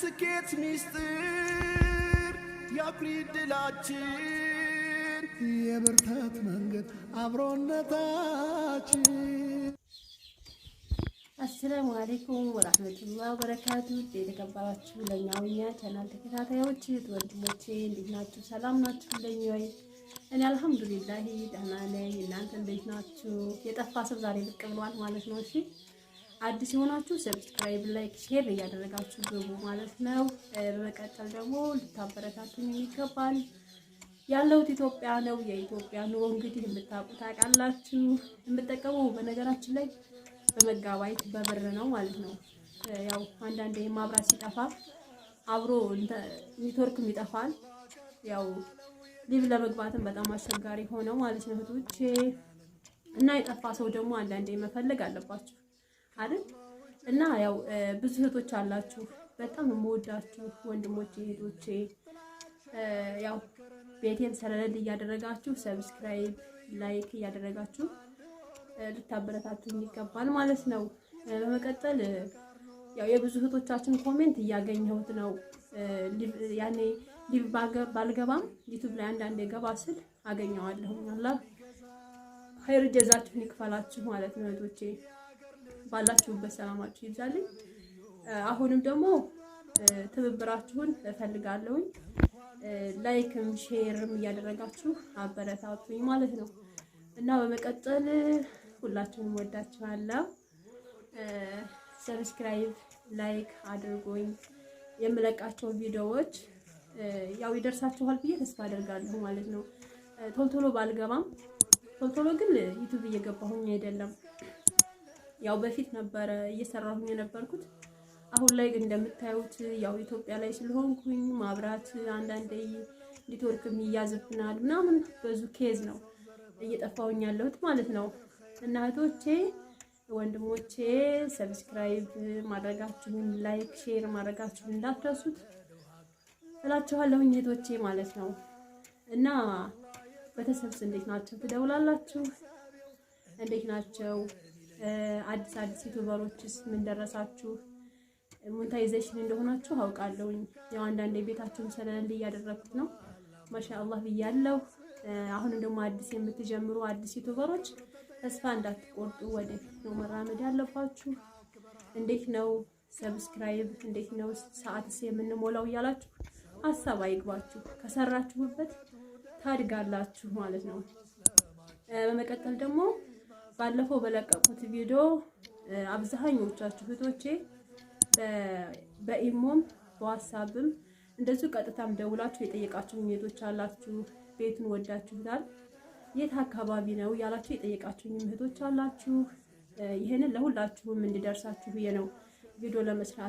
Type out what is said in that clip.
የስኬት ሚስጥር ያኩሪ ድላችን የብርታት መንገድ አብሮነታችን። አሰላሙ አሌይኩም ወራህመቱላ ወበረካቱ። የተከበራችሁ ለኛውኛ ቻናል ተከታታዮች ወንድሞቼ እንዴት ናችሁ? ሰላም ናችሁ ለኛይ እኔ አልሐምዱሊላሂ ደህና ነኝ። እናንተ እንዴት ናችሁ? የጠፋ ሰው ዛሬ ብቅ ብሏል ማለት ነው። እሺ አዲስ የሆናችሁ ሰብስክራይብ፣ ላይክ፣ ሼር እያደረጋችሁ ግቡ ማለት ነው። በመቀጠል ደግሞ ልታበረታቱን ይገባል። ያለሁት ኢትዮጵያ ነው። የኢትዮጵያ ኑሮ እንግዲህ የምታውቁ ታውቃላችሁ። የምጠቀመው በነገራችን ላይ በመጋባይት በብር ነው ማለት ነው። ያው አንዳንዴ ማብራት ሲጠፋ አብሮ ኔትወርክም ይጠፋል። ያው ሊቭ ለመግባትም በጣም አስቸጋሪ ሆነው ማለት ነው እህቶቼ እና የጠፋ ሰው ደግሞ አንዳንዴ መፈለግ አለባቸው። አይደል? እና ያው ብዙ እህቶች አላችሁ፣ በጣም የምወዳችሁ ወንድሞቼ እህቶቼ፣ ያው ቤቴን ሰለለል እያደረጋችሁ ሰብስክራይብ፣ ላይክ እያደረጋችሁ ልታበረታችሁ ይገባል ማለት ነው። በመቀጠል ያው የብዙ እህቶቻችን ኮሜንት እያገኘሁት ነው። ያኔ ሊቭ ባልገባም ዩቱብ ላይ አንዳንዴ ገባ ስል አገኘዋለሁ። አላህ ኸይር ጀዛችሁን ይክፈላችሁ ማለት ነው እህቶቼ። ባላችሁበት ሰላማችሁ ይብዛልኝ። አሁንም ደግሞ ትብብራችሁን እፈልጋለሁኝ። ላይክም ሼርም እያደረጋችሁ አበረታቱኝ ማለት ነው እና በመቀጠል ሁላችሁንም ወዳችኋለሁ። ሰብስክራይብ፣ ላይክ አድርጎኝ የምለቃቸው ቪዲዮዎች ያው ይደርሳችኋል ብዬ ተስፋ አደርጋለሁ ማለት ነው። ቶሎ ቶሎ ባልገባም ቶሎ ቶሎ ግን ዩቲዩብ እየገባሁኝ አይደለም ያው በፊት ነበረ እየሰራሁኝ የነበርኩት። አሁን ላይ ግን እንደምታዩት ያው ኢትዮጵያ ላይ ስለሆንኩኝ ማብራት አንዳንዴ ኔትወርክም ይያዝብናል ምናምን ብዙ ኬዝ ነው እየጠፋውኝ ያለሁት ማለት ነው። እና እህቶቼ ወንድሞቼ ሰብስክራይብ ማድረጋችሁን ላይክ፣ ሼር ማድረጋችሁን እንዳትረሱት እላችኋለሁ እህቶቼ ማለት ነው። እና ቤተሰብስ እንዴት ናቸው? ትደውላላችሁ? እንዴት ናቸው? አዲስ አዲስ ዩቱበሮችስ ምን ደረሳችሁ? ሞኔታይዜሽን እንደሆናችሁ አውቃለሁኝ። ያው አንዳንዴ ቤታችሁን ሰለል እያደረኩት ነው ማሻአላህ ብያለሁ። አሁንም ደግሞ አዲስ የምትጀምሩ አዲስ ዩቱበሮች ተስፋ እንዳትቆርጡ፣ ወደፊት ነው መራመድ ያለባችሁ። እንዴት ነው ሰብስክራይብ እንዴት ነው ሰዓትስ የምንሞላው እያላችሁ ሀሳብ አይግባችሁ። ከሰራችሁበት ታድጋላችሁ ማለት ነው። በመቀጠል ደግሞ ባለፈው በለቀቁት ቪዲዮ አብዛኞቻችሁ እህቶቼ በኢሞም በዋትሳፕም እንደዚሁ ቀጥታም ደውላችሁ የጠየቃችሁ እህቶች አላችሁ። ቤቱን ወዳችሁታል፣ የት አካባቢ ነው ያላችሁ የጠየቃችሁ እህቶች አላችሁ። ይህንን ለሁላችሁም እንዲደርሳችሁ ብዬ ነው ቪዲዮ ለመስራት